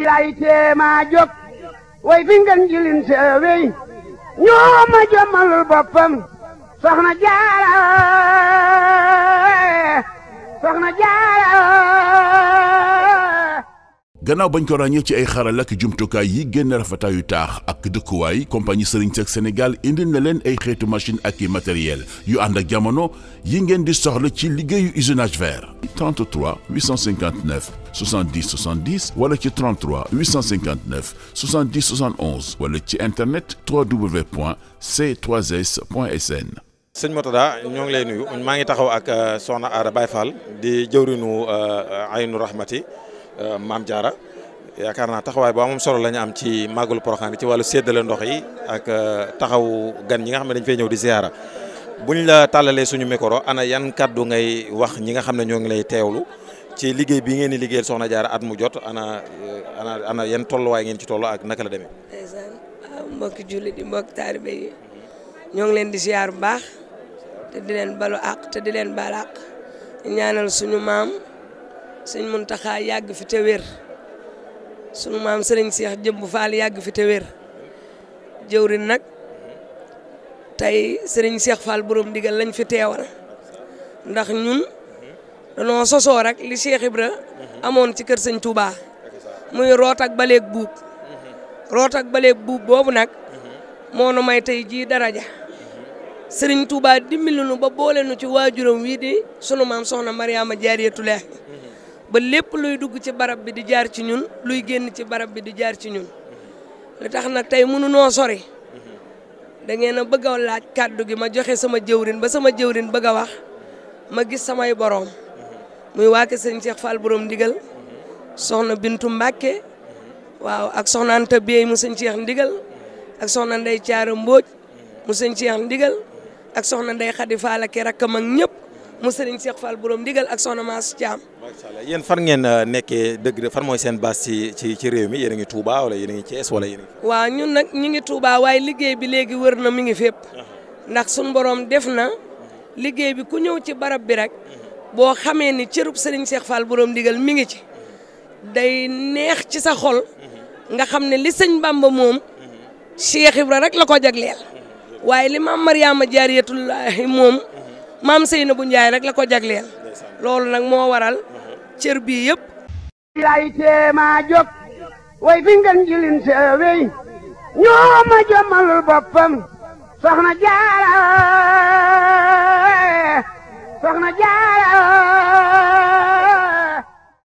lay tee maa jóg way fi ngeen jilin seewey ñoo ma jëmmalul boppam soxna soxna jaara gannaaw bañ ko ràññee ci ay xarala ak jumtukaay yi génn rafetaayu taax ak dëkkuwaay compagnie Serigne Seck Sénégal indil na leen ay xeetu machine ak i matériel yu ànd ak jamono yi ngeen di soxla ci liggéeyu usinage vert. 33 859 70 70 wala ci 33 859 70 71 wala ci internet www.c3s.sn. sëñ Mourtada ñoo ngi lay nuyu maa ngi taxaw ak euh, soxna Aara Baye Fall di jëwriñu euh, Aynu Rahmati. Euh, maam Diarra yaakaar naa taxawaay bu am solo la am ci màggalu Porokhane ci wàllu séddale ndox yi ak euh, taxaw gan ñi nga xam ne dañ fay ñëw di ziara buñ la tàllalee suñu micro ana yan kaddu ngay wax ñi nga xam ne ñoo ngi lay teewlu ci liggéey bi ngeen di liggéeyal Soxna Diarra at mu jot ana euh, ana ana yan tolluwaay ngeen ci toll ak naka la demee. ndeysaan ah, mbokki jullit yi mbokki taalibe yi ñoo ngi leen di ziar baax te di leen balu àq te di leen baal ñaanal suñu maam. sëñ Muntaxa yàgg fi te wér sunu maam sëriñ Seex Jëmb Faal yàgg fi te wér jëwrin nag tey sëriñ Seex Faal borom ndigal lañ fi teewal ndax ñun danoo sosoo rek li Seex Ibra amoon ci kër sëñ Touba muy root ak baleeg buub root ak baleeg buub boobu nag moo nu may tey jii daraja sëriñ Touba dimbali nu ba boole nu ci waajuram wii di sunu maam soxna Mariama Jaariyatulaahi ba lépp luy dugg ci barab bi di jaar ci ñun luy génn ci barab bi di jaar ci ñun li tax na tey mënunoo sori da ngeen a bëgg laaj kàddu gi ma joxe sama jëwrin ba sama jëwrin bëgg a wax ma gis samay boroom muy waake sëñ Cheikh fal boroom ndigal soxna Bintu Mbàkke waaw ak soxna Anta mu sëñ Cheikh ndigal ak soxna Ndey Caara Mbóoj mu sëñ Cheikh ndigal ak soxna Ndey Xadi Fall ak rakkam ak ñëpp mu sëriñ Cheikh Fall borom ndigal ak soxna Maas Thiam. macha allah yéen fan ngeen euh, nekkee dëgg de fan mooy seen base ci ci ci réew mi yéen a ngi Touba wala yéen a ngi Thiès wala yéen ngi. waaw nag ñu ngi Touba waaye liggéey bi léegi wër na mi ngi fépp. Uh-huh. ndax suñu boroom def na liggéey bi ku ñëw ci barab bi rek. Uh-huh. boo xamee ni cërub sëriñ seex Fall borom ndigal mi ngi ci. Uh-huh. day neex ci sa xol. nga xam ne li sëñ Bamba moom. Cheikh Ibra rek la ko jagleel. waaye li maam Mariama Jaariyatullaahi moom. maam na Ndiaye rek la ko jagleel loolu nag moo waral cër bii yëpp lay teema jóg way fi ngeen jilin seewey ñoo ma jëmal boppam soxna Jaara